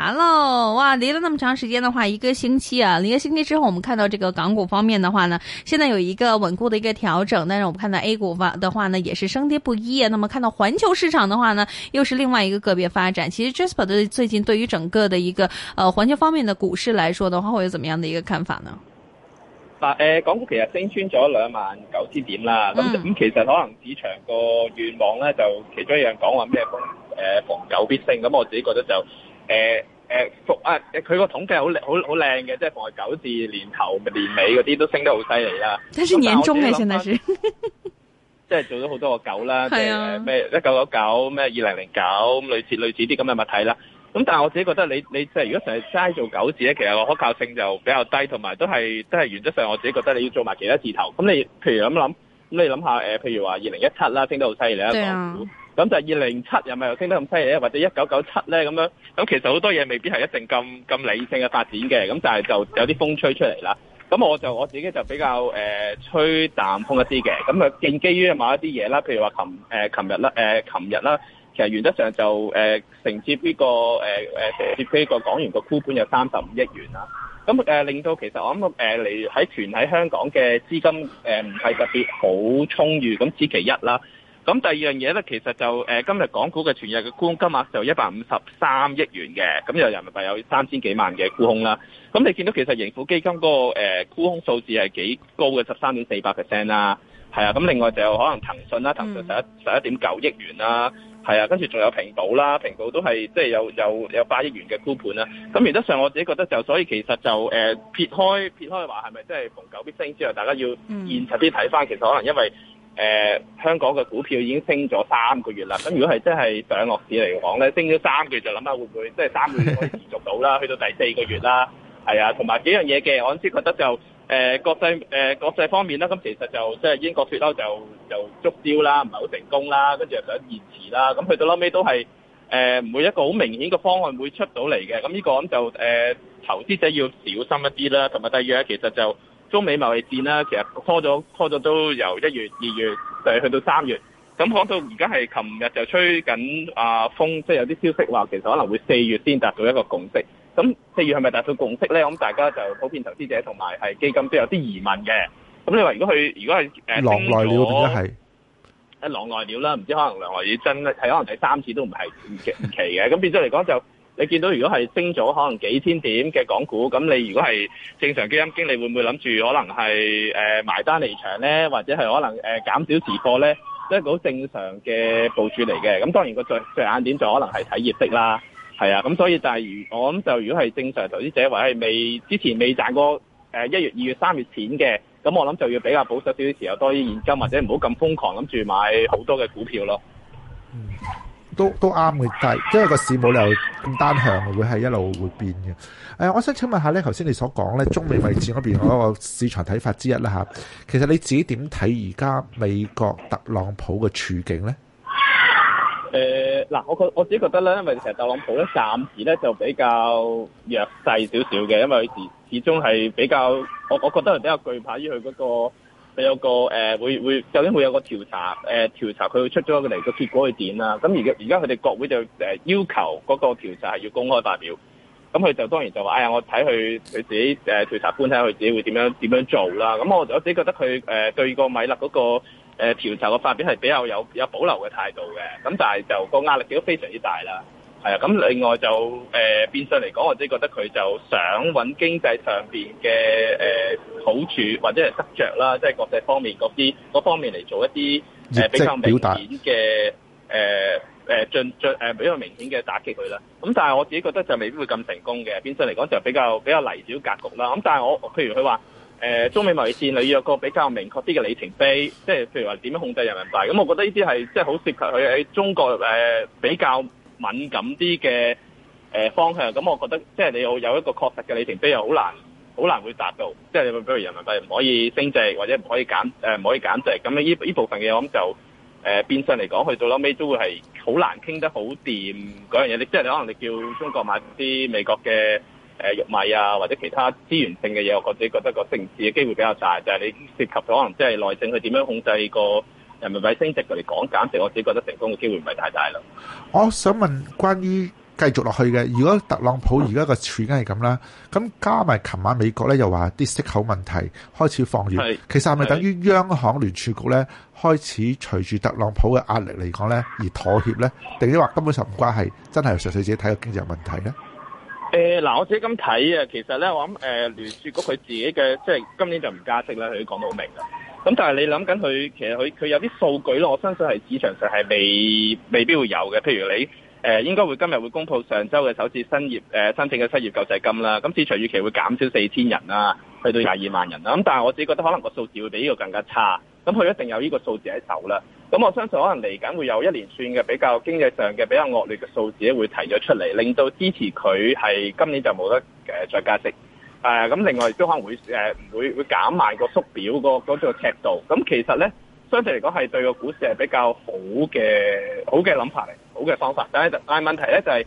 完嘍！Hello, 哇，離了那麼長時間的話，一個星期啊，一個星期之後，我們看到這個港股方面的話呢，現在有一個穩固的一個調整。但是我們看到 A 股方的話呢，也是升跌不一啊。那麼看到環球市場的話呢，又是另外一個個別發展。其實 Jasper 對最近對於整個的一個呃環球方面的股市來說的話，會有怎麼樣的一個看法呢？啊，誒、呃，港股其實升穿咗兩萬九千點啦。咁咁、嗯，其實可能市場個願望呢就其中一樣講話咩？逢誒逢久必升。咁我自己覺得就。.誒誒，複啊！佢個統計好靚，好好靚嘅，即係逢係九字年頭、年尾嗰啲都升得好犀利啦。但係年中嘅，現在係，即係做咗好多個九啦，即係咩一九九九，咩二零零九，類似類似啲咁嘅物體啦。咁但係我自己覺得，你你即係如果成日齋做九字咧，其實個可靠性就比較低，同埋都係都係原則上，我自己覺得你要做埋其他字頭。咁你譬如諗諗。咁你諗下，譬如話二零一七啦，升得好犀利啊！港股，咁就二零七又咪又升得咁犀利，或者一九九七咧咁樣。咁其實好多嘢未必係一定咁咁理性嘅發展嘅，咁但係就有啲風吹出嚟啦。咁我就我自己就比較誒、呃、吹淡風一啲嘅，咁啊建基於買一啲嘢啦，譬如話琴琴日啦琴、呃、日啦，其實原則上就誒承、呃、接呢、呢個誒誒、呃、接呢個港元個 coupon 有三十五億元啦。咁誒、啊、令到其實我諗誒嚟喺團喺香港嘅資金誒唔係特別好充裕，咁此其一啦。咁第二樣嘢咧，其實就誒、啊、今日港股嘅全日嘅沽空金額就一百五十三億元嘅，咁有人民幣有三千幾萬嘅沽空啦。咁你見到其實盈富基金嗰、那個誒沽、啊、空數字係幾高嘅，十三點四八 percent 啦，係啊。咁另外就可能騰訊啦，騰訊十一十一點九億元啦。係啊，跟住仲有平保啦，平保都係即係有有有八億元嘅 coupon 啦。咁原則上我自己覺得就，所以其實就誒、呃、撇開撇開話係咪即係逢九必升之後，大家要現實啲睇翻，其實可能因為誒、呃、香港嘅股票已經升咗三個月啦。咁如果係真係上落市嚟講咧，升咗三個月就諗下會唔會即係三個月可以持續到啦， 去到第四個月啦。係啊，同埋幾樣嘢嘅，我先覺得就。誒國際誒國際方面啦，咁其實就即係英國脫歐就就捉標啦，唔係好成功啦，跟住又想延遲啦，咁去到撈尾都係誒唔會一個好明顯嘅方案會出到嚟嘅，咁呢個咁就誒投資者要小心一啲啦，同埋第二，其實就中美貿易戰啦，其實拖咗拖咗都由一月二月就去到三月，咁講到而家係琴日就吹緊啊風，即係有啲消息話其實可能會四月先達到一個共識。咁四月係咪達到共識咧？咁大家就普遍投資者同埋係基金都有啲疑問嘅。咁你話如果佢如果係浪升咗，係一浪內料啦，唔知可能浪內料真係可能第三次都唔係唔奇嘅。咁變咗嚟講就你見到如果係升咗可能幾千點嘅港股，咁你如果係正常基金經理會唔會諗住可能係、呃、埋單離場咧，或者係可能誒、呃、減少持貨咧？都係好正常嘅部署嚟嘅。咁當然個最最眼點就可能係睇業績啦。係啊，咁所以就係，我諗就如果係正常投資者，或者係未之前未賺過誒一月、二月、三月錢嘅，咁我諗就要比較保守少少，持有多啲現金，或者唔好咁瘋狂諗住買好多嘅股票咯。嗯，都都啱嘅，但係因為個市冇理由咁單向，會係一路會變嘅。哎，我想請問下咧，頭先你所講咧，中美位置嗰邊嗰個市場睇法之一啦吓，其實你自己點睇而家美國特朗普嘅處境咧？誒嗱、呃，我覺我自己覺得咧，因為其實特朗普咧，暫時咧就比較弱勢少少嘅，因為佢始始終係比較，我我覺得係比較懼怕於佢嗰、那個佢有個誒會、呃、會，究竟會有個調查誒、呃、調查，佢會出咗個嚟個結果係點啊？咁而而家佢哋國會就誒要求嗰個調查係要公開發表，咁佢就當然就話：哎呀，我睇佢佢自己誒、呃、調查官睇下佢自己會點樣點樣做啦。咁我我自己覺得佢誒、呃、對個米勒嗰、那個。誒調查嘅發表係比較有有保留嘅態度嘅，咁但係就個壓力亦都非常之大啦，係啊。咁另外就誒、呃、變相嚟講，我自己覺得佢就想揾經濟上邊嘅誒好處或者係得着啦，即係國際方面嗰啲嗰方面嚟做一啲誒、呃、比較明顯嘅誒誒進進誒比較明顯嘅打擊佢啦。咁但係我自己覺得就未必會咁成功嘅。變相嚟講就比較比較泥沼格局啦。咁但係我譬如佢話。誒中美貿易戰又要個比較明確啲嘅里程碑，即係譬如話點樣控制人民幣，咁我覺得呢啲係即係好涉及佢喺中國誒比較敏感啲嘅誒方向，咁我覺得即係你要有一個確實嘅里程碑又好難，好難會達到，即係比如人民幣唔可以升值或者唔可以減唔可以減值，咁呢部分嘅嘢，我諗就誒變相嚟講，去到拉尾都會係好難傾得好掂嗰樣嘢，即係你可能你叫中國買啲美國嘅。誒玉米啊，或者其他資源性嘅嘢，我自己覺得個升市嘅機會比較大，就係、是、你涉及咗可能即係內政，去點樣控制個人民幣升值佢哋講，減值我自己覺得成功嘅機會唔係太大啦。我想問關於繼續落去嘅，如果特朗普而家個處境係咁啦，咁加埋琴晚美國咧又話啲息口問題開始放緩，是其實係咪等於央行聯儲局咧的開始隨住特朗普嘅壓力嚟講咧而妥協咧，定抑話根本就唔關係，真係純粹自己睇個經濟問題咧？誒嗱、呃，我自己咁睇啊，其實咧，我諗誒聯儲局佢自己嘅，即係今年就唔加息啦，佢都講到好明嘅。咁但係你諗緊佢，其實佢佢有啲數據咯，我相信係市場上係未未必會有嘅，譬如你。誒應該會今日會公佈上週嘅首次新業誒、呃、申請嘅失業救濟金啦，咁市場預期會減少四千人啦，去到廿二萬人啦。咁但係我自己覺得可能個數字會比呢個更加差，咁佢一定有呢個數字喺手啦。咁我相信可能嚟緊會有一連串嘅比較經濟上嘅比較惡劣嘅數字會提咗出嚟，令到支持佢係今年就冇得誒再加息。咁、啊、另外亦都可能會誒唔、呃、會會減慢個縮表、嗰個嗰、嗰個尺度。咁其實咧相對嚟講係對個股市係比較好嘅好嘅諗法嚟。好嘅方法，但係但係問題咧就係、是，誒、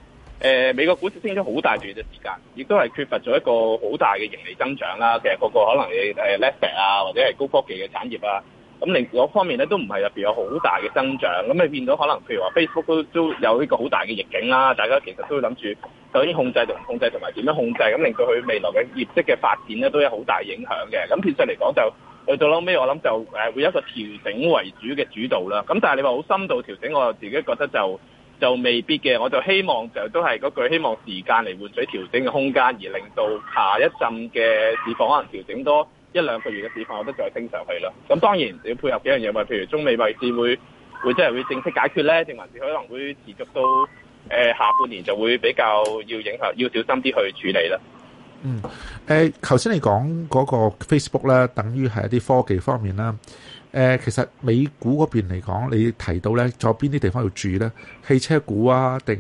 呃、美國股市升咗好大段嘅時間，亦都係缺乏咗一個好大嘅盈利增長啦。其實個個可能誒，Netflix 啊，或者係高科技嘅產業啊，咁另嗰方面咧都唔係入面有好大嘅增長。咁你變到可能譬如話 Facebook 都都有呢個好大嘅逆境啦，大家其實都會諗住究竟控制同唔控制同埋點樣控制，咁令到佢未來嘅業績嘅發展咧都有好大影響嘅。咁變相嚟講就去到後尾我諗就會有一個調整為主嘅主導啦。咁但係你話好深度調整，我自己覺得就～就未必嘅，我就希望就都係嗰句，希望時間嚟換取調整嘅空間，而令到下一陣嘅市況可能調整多一兩個月嘅市況，我覺得再升上去啦。咁當然要配合幾樣嘢，譬如中美貿易戰會，會即係會正式解決咧，定還是可能會持續到誒、呃、下半年，就會比較要影響，要小心啲去處理啦。嗯，誒、呃，頭先你講嗰個 Facebook 咧，等於係一啲科技方面啦。誒、呃，其實美股嗰邊嚟講，你提到咧，仲有邊啲地方要注意咧？汽車股啊，定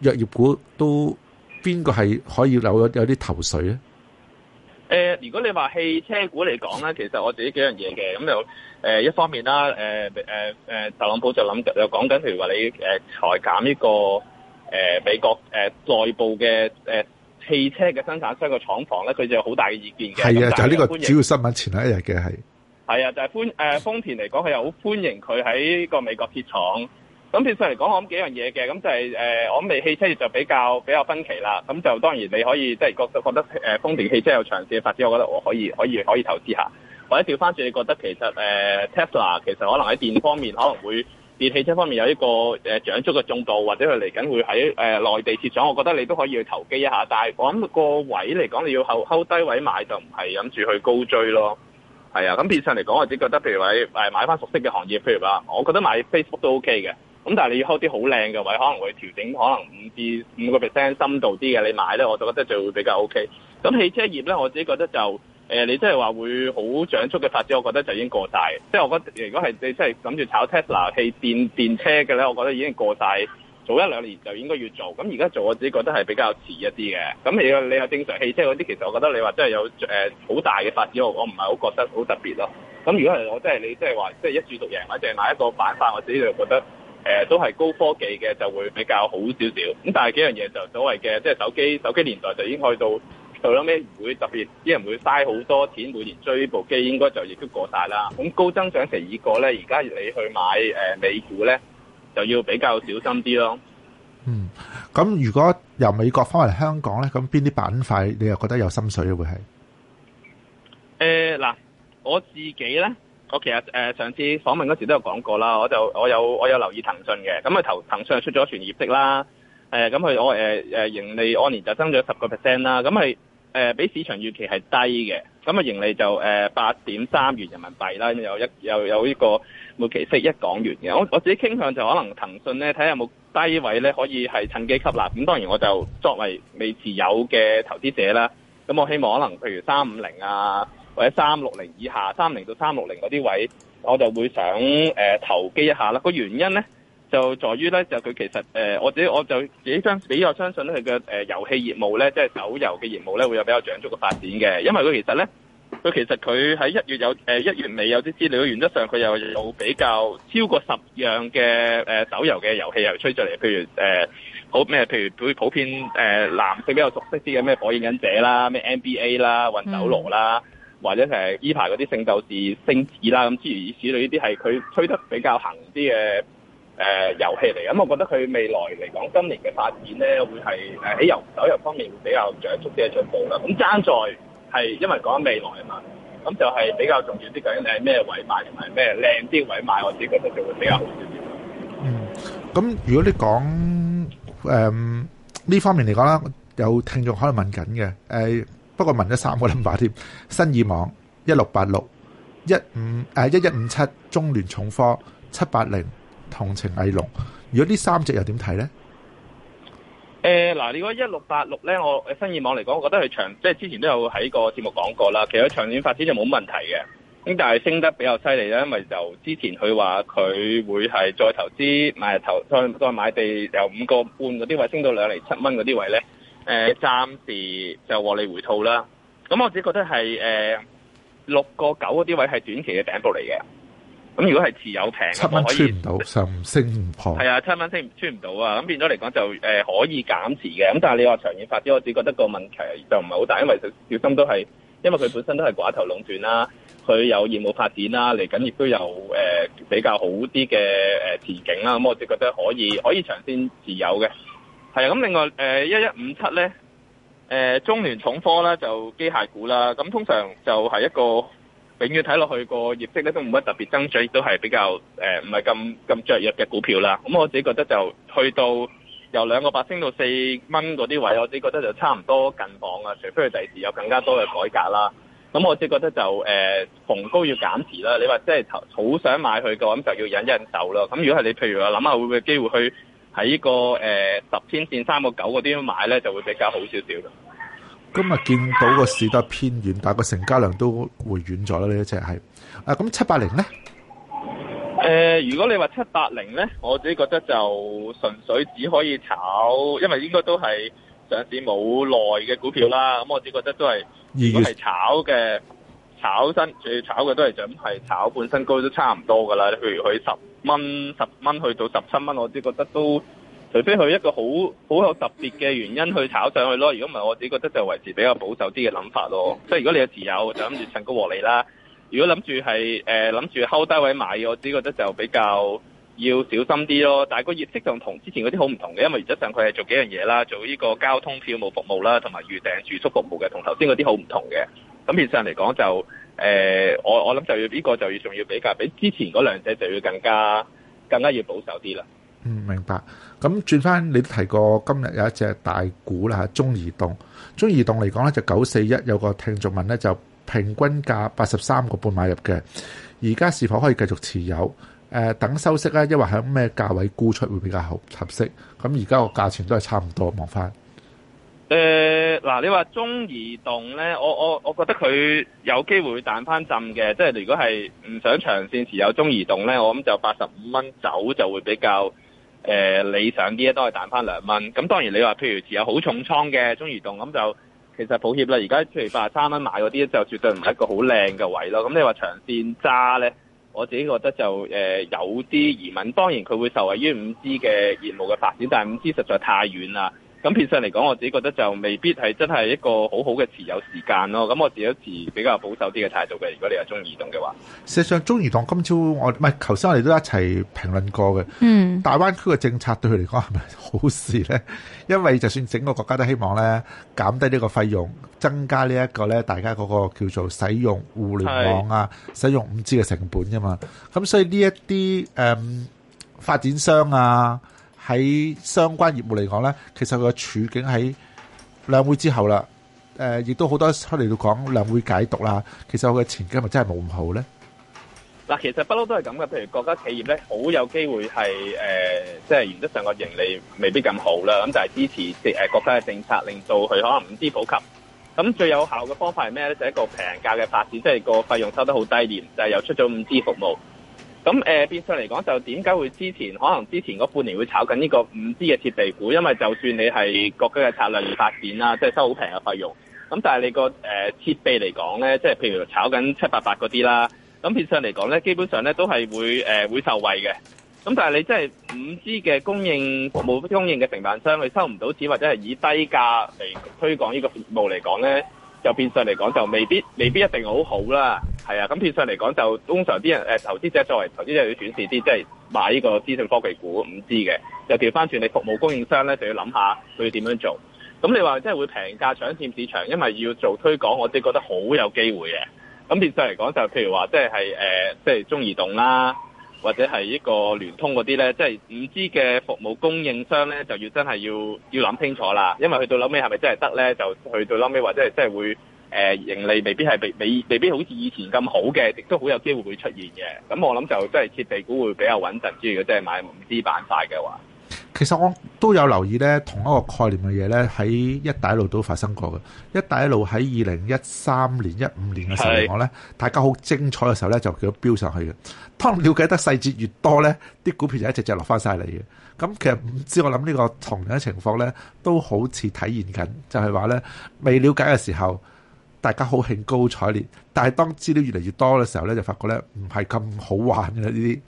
藥業股都邊個係可以有有啲頭緒咧？誒、呃，如果你話汽車股嚟講咧，其實我自己幾樣嘢嘅，咁就誒一方面啦，誒誒誒，特朗普就諗又講緊，譬如話你誒、呃、裁減呢個誒、呃、美國誒內、呃、部嘅誒、呃、汽車嘅生產商嘅廠房咧，佢就有好大嘅意見嘅。係啊，就係呢、這個主要新聞，前一日嘅係。係啊，就係豐誒豐田嚟講，佢又好歡迎佢喺個美國設廠。咁變相嚟講，我諗幾樣嘢嘅，咁就係、是、誒，我諗微汽車就比較比較分歧啦。咁就當然你可以即係覺得得誒豐田汽車有長線嘅發展，我覺得我可以可以可以投資一下。或者調翻轉，你覺得其實誒、呃、Tesla 其實可能喺電方面可能會電汽車方面有一個誒長足嘅重度，或者佢嚟緊會喺誒、呃、內地設廠，我覺得你都可以去投機一下。但係我諗個位嚟講，你要後後低位買就唔係諗住去高追咯。係啊，咁變相嚟講，我自己覺得，譬如話呃、買翻熟悉嘅行業，譬如話，我覺得買 Facebook 都 OK 嘅。咁但係你要開啲好靚嘅位，可能會調整，可能五至五個 percent 深度啲嘅，你買咧，我就覺得就會比較 OK。咁汽車業咧，我自己覺得就、呃、你真係話會好長速嘅發展，我覺得就已經過晒。即係我覺得，如果係你真係諗住炒 Tesla、氣電電車嘅咧，我覺得已經過晒。早一兩年就應該要做，咁而家做我自己覺得係比較遲一啲嘅。咁你有你有正常汽車嗰啲，其實我覺得你話真係有誒好大嘅發展，我我唔係好覺得好特別咯。咁如果係我即、就、係、是、你即係話即係一注獨贏或者買一個板塊，我自己就覺得誒、呃、都係高科技嘅就會比較好少少。咁但係幾樣嘢就所謂嘅即係手機手機年代就已經去到就咗咩，唔會特別啲人會嘥好多錢每年追部機，應該就亦都過晒啦。咁高增長期已過咧，而家你去買、呃、美股咧？就要比較小心啲咯。嗯，咁如果由美國翻嚟香港呢，咁邊啲板塊你又覺得有心水咧？會係、欸？嗱，我自己呢，我其實誒、呃、上次訪問嗰時都有講過啦，我就我有我有留意騰訊嘅，咁啊頭騰訊又出咗全年業績啦，誒咁佢我誒誒、呃、盈利按年就增咗十個 percent 啦，咁係誒比市場預期係低嘅，咁啊盈利就誒八點三元人民幣啦，有一又有呢個。冇期息一講完嘅，我我自己傾向就可能騰訊咧，睇下有冇低位咧可以係趁機吸納。咁當然我就作為未持有嘅投資者啦，咁我希望可能譬如三五零啊，或者三六零以下，三零到三六零嗰啲位，我就會想、呃、投機一下啦。個原因咧就在於咧就佢其實誒、呃，我自己相我就比較比較相信咧佢嘅遊戲業務咧，即係手遊嘅業務咧會有比較長足嘅發展嘅，因為佢其實咧。佢其實佢喺一月有誒一月尾有啲資料，原則上佢又有比較超過十樣嘅誒手遊嘅遊戲又吹出嚟，譬如誒好咩，flip, 譬如佢普遍誒男性比較熟悉啲嘅咩火影忍者啦、咩 NBA 啦、魂斗羅啦，或者係依排嗰啲聖鬥士星矢啦，咁諸如此類呢啲係佢吹得比較行啲嘅誒遊戲嚟，咁我覺得佢未來嚟講今年嘅發展咧，會係誒喺遊手遊方面會比較着重啲嘅進步啦。咁爭在。係，是因為講未來啊嘛，咁就係比較重要啲。究竟你係咩位買，同埋咩靚啲位買，我自己覺得就會比較好少少、嗯。嗯，咁如果你講誒呢方面嚟講啦，有聽眾可能問緊嘅，誒不過問咗三個零把添。新意網一六八六一五誒一一五七中聯重科七八零同程藝龍，如果呢三隻又點睇咧？誒嗱、呃，如果一六八六咧，我新意網嚟講，我覺得佢長，即係之前都有喺個節目講過啦。其實長遠發展就冇問題嘅，咁但係升得比較犀利啦。因為就之前佢話佢會係再投資買投再再買地，由五個半嗰啲位升到兩釐七蚊嗰啲位咧。誒、呃，暫時就獲利回吐啦。咁我自己覺得係誒六個九嗰啲位係短期嘅頂部嚟嘅。咁如果係持有平嘅，七蚊可以穿唔到，就唔升唔破。係啊，七蚊升唔唔到啊，咁變咗嚟講就、呃、可以減持嘅。咁但係你話長遠發展，我只覺得個問題就唔係好大，因為小心都係，因為佢本身都係寡頭壟斷啦，佢有業務發展啦，嚟緊亦都有誒、呃、比較好啲嘅誒前景啦。咁我只覺得可以可以長線持有嘅。係啊，咁另外誒一一五七咧，誒中聯重科啦就機械股啦。咁通常就係一個。永遠睇落去個業績咧都冇乜特別增長，亦都係比較誒唔係咁咁雀躍嘅股票啦。咁我自己覺得就去到由兩個八升到四蚊嗰啲位置，我自己覺得就差唔多近磅啦，除非佢第二時有更加多嘅改革啦。咁我自己覺得就誒、呃、逢高要減持啦。你話即係好想買佢嘅話，咁就要忍一忍手啦。咁如果係你譬如話諗下會唔會機會去喺、這個呃、呢個誒十天線三個九嗰啲買咧，就會比較好少少咯。今日見到個市都係偏軟，但係個成交量都回軟咗啦。呢一隻係，啊咁七百零咧？誒，如果你話七百零咧，我自己覺得就純粹只可以炒，因為應該都係上市冇耐嘅股票啦。咁我自己覺得都係，月如果係炒嘅，炒身，最炒嘅都係想係炒本身高都差唔多噶啦。譬如佢十蚊、十蚊去到十七蚊，我自己覺得都。除非佢一個好好有特別嘅原因去炒上去咯，如果唔係，我自己覺得就維持比較保守啲嘅諗法咯。即係如果你有持有，就諗住趁高獲利啦；如果諗住係誒諗住後低位買，我自己覺得就比較要小心啲咯。但係個業績上同之前嗰啲好唔同嘅，因為業績上佢係做幾樣嘢啦，做呢個交通票務服務啦，同埋預訂住宿服務嘅，同頭先嗰啲好唔同嘅。咁現實嚟講就誒、呃，我我諗就要呢個就要仲要比較比之前嗰兩隻就要更加更加要保守啲啦。嗯，明白。咁轉翻，你都提過今日有一隻大股啦吓中移動。中移動嚟講咧，就九四一有個聽眾問咧，就平均價八十三個半買入嘅，而家是否可以繼續持有？誒、呃，等收息咧，因為喺咩價位沽出會，會比較合合適？咁而家個價錢都係差唔多，望翻。誒，嗱，你話中移動咧，我我我覺得佢有機會，會彈翻浸嘅，即係如果係唔想長線持有中移動咧，我諗就八十五蚊走就會比較。誒、呃、理想啲咧都係彈翻兩蚊，咁當然你話譬如持有好重倉嘅中移動咁，就其實抱歉啦，而家譬如八十三蚊買嗰啲就絕對唔係一個好靚嘅位咯。咁你話長線揸呢，我自己覺得就、呃、有啲疑問。當然佢會受惠於五 G 嘅業務嘅發展，但係五 G 實在太遠啦。咁變相嚟講，我自己覺得就未必係真係一個好好嘅持有時間咯。咁我自己都持比較保守啲嘅態度嘅。如果你話中移動嘅話，事實上中移動今朝我唔係頭先我哋都一齊評論過嘅。嗯，大灣區嘅政策對佢嚟講係咪好事咧？因為就算整個國家都希望咧減低呢個費用，增加呢一個咧大家嗰個叫做使用互聯網啊、是使用五 G 嘅成本啫嘛。咁所以呢一啲誒、嗯、發展商啊～喺相關業務嚟講咧，其實佢嘅處境喺兩會之後啦，誒，亦都好多出嚟度講兩會解讀啦。其實佢嘅前景係咪真係冇咁好咧？嗱，其實不嬲都係咁嘅，譬如國家企業咧，好有機會係誒，即、呃、係、就是、原則上個盈利未必咁好啦。咁就係支持誒國家嘅政策，令到佢可能 5G 普及。咁最有效嘅方法係咩咧？就係、是、一個平價嘅發展，即、就、係、是、個費用收得好低廉，就係、是、又出咗 5G 服務。咁、呃、變相嚟講，就點解會之前可能之前嗰半年會炒緊呢個五 G 嘅設備股？因為就算你係國家嘅策略而發展啦，即係收好平嘅費用。咁但係你個、呃、設備嚟講咧，即係譬如炒緊七八八嗰啲啦。咁變相嚟講咧，基本上咧都係會、呃、會受惠嘅。咁但係你即係五 G 嘅供應服務供應嘅承辦商，佢收唔到錢或者係以低價嚟推廣呢個服務嚟講咧，就變相嚟講就未必未必一定好好啦。係啊，咁變相嚟講就通常啲人投資者作為投資者要轉事啲，即、就、係、是、買呢個資訊科技股五 G 嘅，就調翻轉你服務供應商咧就要諗下佢要點樣做。咁、嗯、你話即係會平價搶佔市場，因為要做推廣，我哋覺得好有機會嘅。咁、嗯、變相嚟講就譬如話即係誒，即係、呃、中移動啦，或者係呢個聯通嗰啲咧，即係五 G 嘅服務供應商咧就要真係要要諗清楚啦，因為去到臨尾係咪真係得咧，就去到臨尾或者係即係會。誒、呃、盈利未必係未未未必好似以前咁好嘅，亦都好有機會會出現嘅。咁我諗就真係設備股會比較穩陣之如果即係買唔知板塊嘅話。其實我都有留意咧，同一個概念嘅嘢咧，喺一帶一路都發生過嘅。一帶一路喺二零一三年一五年嘅時候嚟講咧，大家好精彩嘅時候咧，就叫飆上去嘅。當了解得細節越多咧，啲股票就一直就落翻晒嚟嘅。咁其實唔知我諗呢個同樣嘅情況咧，都好似體現緊就係話咧，未了解嘅時候。大家好興高采烈，但係當資料越嚟越多嘅時候咧，就發覺咧唔係咁好玩嘅呢啲，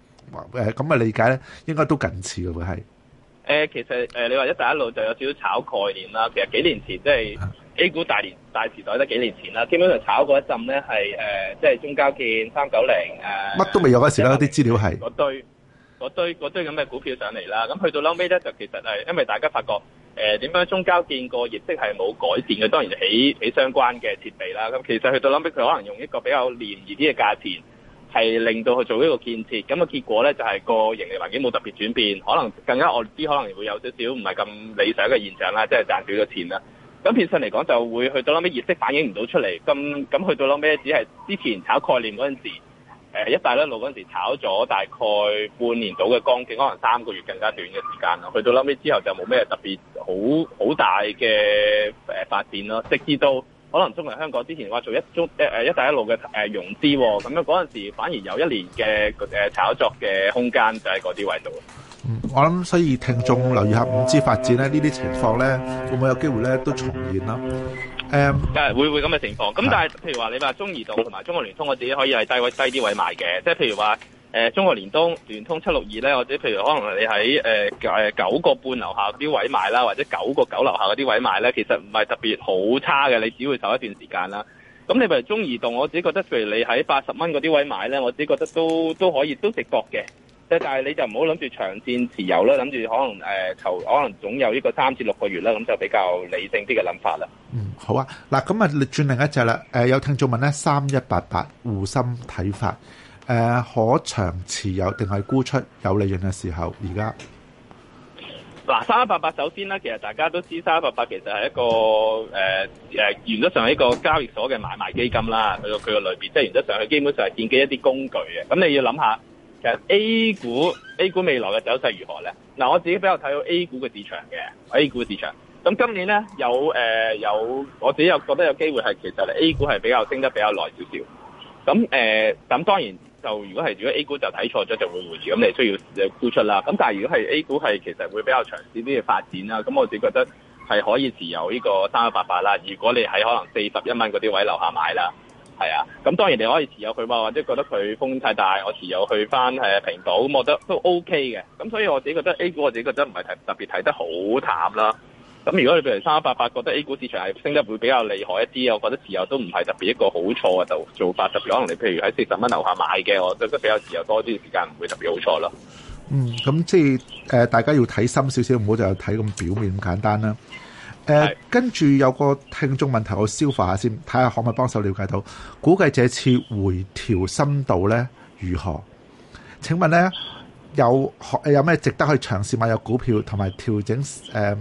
咁嘅、呃、理解咧，應該都近似嘅會係。誒其實誒、呃、你話一帶一路就有少少炒概念啦，其實幾年前即係、就是、A 股大年大時代都幾年前啦，基本上炒嗰一陣咧係誒即係中交建、三九零誒，乜都未有嗰時啦，啲資料係嗰堆嗰堆嗰堆咁嘅股票上嚟啦，咁去到撈尾咧就其實係因為大家發覺。誒點樣中交建個業績係冇改善嘅？當然起起相關嘅設備啦。咁其實去到攞尾，佢可能用一個比較廉宜啲嘅價錢，係令到佢做呢個建設。咁、那、嘅、個、結果咧，就係、是、個盈利環境冇特別轉變，可能更加惡啲，我知可能會有少少唔係咁理想嘅現象啦，即係賺少咗錢啦。咁變相嚟講，就會去到攞尾業績反映唔到出嚟。咁咁去到攞尾，只係之前炒概念嗰陣時。誒一帶一路嗰陣時炒咗大概半年到嘅光景，可能三個月更加短嘅時間咯。去到後尾之後就冇咩特別好好大嘅誒發展咯。直至到可能中銀香港之前話做一中誒誒一帶一路嘅誒融資，咁樣嗰陣時反而有一年嘅誒炒作嘅空間就喺嗰啲位度。我諗所以聽眾留意下五 G 發展咧，呢啲情況咧會唔會有機會咧都重現咧？誒，誒、um，會會咁嘅情況，咁但係譬如話你話中移動同埋中國聯通，我自己可以係低位低啲位買嘅，即係譬如話，誒、呃，中國聯通、聯通七六二咧，或者譬如可能你喺誒誒九個半樓下嗰啲位買啦，或者九個九樓下嗰啲位買咧，其實唔係特別好差嘅，你只會守一段時間啦。咁你譬如中移動，我自己覺得，譬如你喺八十蚊嗰啲位買咧，我自己覺得都都可以，都值博嘅。但係你就唔好諗住長線持有啦，諗住可能誒，投、呃、可能總有呢個三至六個月啦，咁就比較理性啲嘅諗法啦。嗯，好啊，嗱，咁啊，轉另一隻啦。誒，有聽眾問咧，三一八八滬深睇法，誒、呃，可長持有定係沽出？有利潤嘅時候，而家嗱，三一八八，首先咧，其實大家都知，三一八八其實係一個誒誒、呃，原則上係一個交易所嘅買賣基金啦。佢個佢個裏邊，即係原則上係基本上係建基一啲工具嘅。咁你要諗下。其實 A 股 A 股未來嘅走勢如何呢？嗱，啊，我自己比較睇到 A 股嘅市場嘅 A 股市場。咁今年呢，有誒、呃、有，我自己又覺得有機會係，其實 A 股係比較升得比較耐少少。咁誒咁當然就如果係如果 A 股就睇錯咗就會回住，咁你需要誒沽出啦。咁但係如果係 A 股係其實會比較長線啲嘅發展啦，啊。咁我自己覺得係可以持有呢個三一八八啦。如果你喺可能四十一蚊嗰啲位樓下買啦。係啊，咁當然你可以持有佢嘛，或者覺得佢風太大，我持有去返誒平島，咁我覺得都 OK 嘅。咁所以我自己覺得 A 股，我自己覺得唔係睇特別睇得好淡啦。咁如果你譬如三一八八覺得 A 股市場係升得會比較厲害一啲，我覺得持有都唔係特別一個好錯嘅做做法。特別可能你譬如喺四十蚊樓下買嘅，我覺得比較持有多啲時間唔會特別好錯咯。嗯，咁即係、呃、大家要睇深少少，唔好就睇咁表面咁簡單啦。誒，跟住是、呃、有個聽眾問題，我消化下先，睇下可唔可以幫手了解到？估計這次回調深度咧如何？請問咧有有咩值得去嘗試買入股票，同埋調整誒、呃、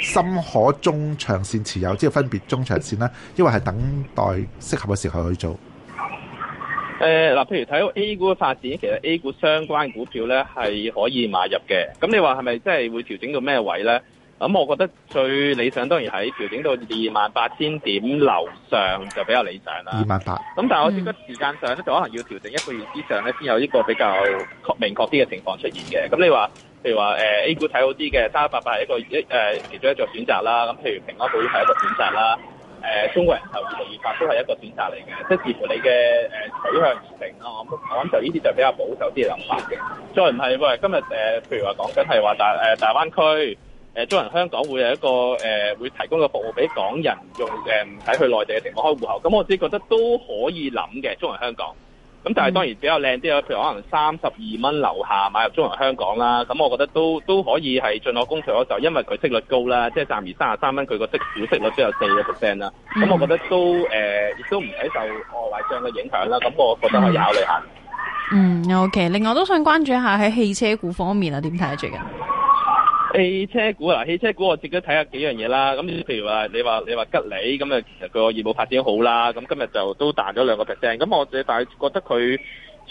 深可中長線持有，即係分別中長線啦，因為係等待適合嘅時候去做？誒嗱、呃，譬如睇 A 股嘅發展，其實 A 股相關股票咧係可以買入嘅。咁你話係咪即係會調整到咩位咧？咁、嗯、我覺得最理想當然喺調整到二萬八千點樓上就比較理想啦。二萬八。咁、嗯、但係我覺得時間上咧就可能要調整一個月之上咧先有呢個比較確明確啲嘅情況出現嘅。咁、嗯、你話譬如話、呃、A 股睇好啲嘅三一八八係一個、呃、其中一個選擇啦。咁譬如平安保險係一個選擇啦、呃。中國人壽二六二八都係一個選擇嚟嘅。即係視乎你嘅、呃、取向而定咯。我我諗就呢啲就比較保守啲嘅諗法嘅。再唔係喂今日、呃、譬如話講緊係話大、呃、大灣區。誒中銀香港會有一個誒、呃、會提供嘅服務俾港人用唔使、呃、去內地嘅地方開戶口，咁我自己覺得都可以諗嘅中銀香港。咁但係當然比較靚啲啊，嗯、譬如可能三十二蚊樓下買入中銀香港啦，咁我覺得都都可以係盡我工場佢嗰就因為佢息率高啦，即係暫時三十三蚊，佢個息表息率都有四個 percent 啦，咁、嗯、我覺得都誒亦、呃、都唔使受外匯帳嘅影響啦，咁我覺得係有考慮下。嗯，OK。另外都想關注一下喺汽車股方面啊，點睇最近？汽車股啊，嗱，汽車股我自己睇下幾樣嘢啦，咁譬如話，你話你話吉利咁啊，佢其實個業務發展好啦，咁今日就都彈咗兩個 percent，咁我自己但係覺得佢。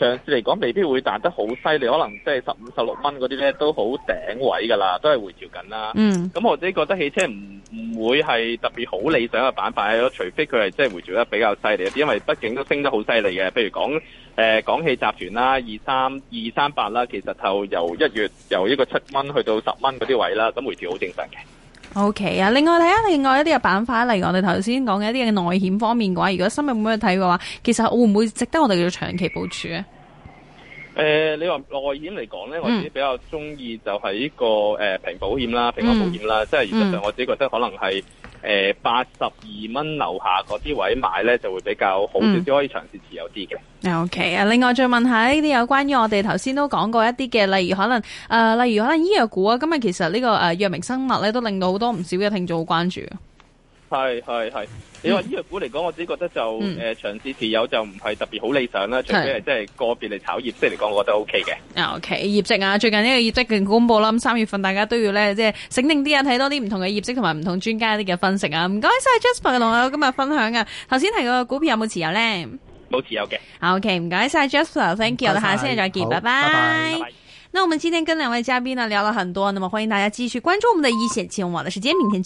上次嚟講，未必會彈得好犀利，可能即係十五、十六蚊嗰啲呢都好頂位㗎啦，都係回調緊啦。咁、mm. 我自己覺得汽車唔唔會係特別好理想嘅板塊咯，除非佢係即係回調得比較犀利一啲，因為畢竟都升得好犀利嘅。譬如講，誒、呃、氣汽集團啦，二三二三八啦，其實就由一月由一個七蚊去到十蚊嗰啲位啦，咁回調好正常嘅。O K 啊，另外睇下另外一啲嘅板塊，例如我哋頭先講嘅一啲嘅內險方面嘅話，如果今日冇去睇嘅話，其實會唔會值得我哋叫做長期部署咧？誒、呃，你話內險嚟講咧，我自己比較中意就係呢、這個誒、嗯呃、平保險啦、平安保險啦，即係現實上我自己覺得可能係誒八十二蚊樓下嗰啲位買咧就會比較好啲，少、嗯，可以嘗試持有啲嘅。OK，啊，另外再問下呢啲有關於我哋頭先都講過一啲嘅，例如可能誒、呃，例如可能醫藥股啊，今日其實呢、這個誒藥明生物咧都令到好多唔少嘅聽眾好關注。係係係，你話呢隻股嚟講，我自己覺得就誒長線持有就唔係特別好理想啦，除非係即係個別嚟炒業績嚟講，我覺得 O K 嘅。O K，業績啊，最近呢個業績嘅公布啦，三月份大家都要咧即係醒定啲啊，睇多啲唔同嘅業績同埋唔同專家啲嘅分析啊。唔該晒，Jasper 嘅同我今日分享啊。頭先提個股票有冇持有咧？冇持有嘅。O K，唔該晒，Jasper，thank you，我哋下個星期再見，拜拜。拜拜。那我們今天跟兩位嘉賓呢聊了很多，那麼歡迎大家繼續關注我們的一線金融網的時間，明天。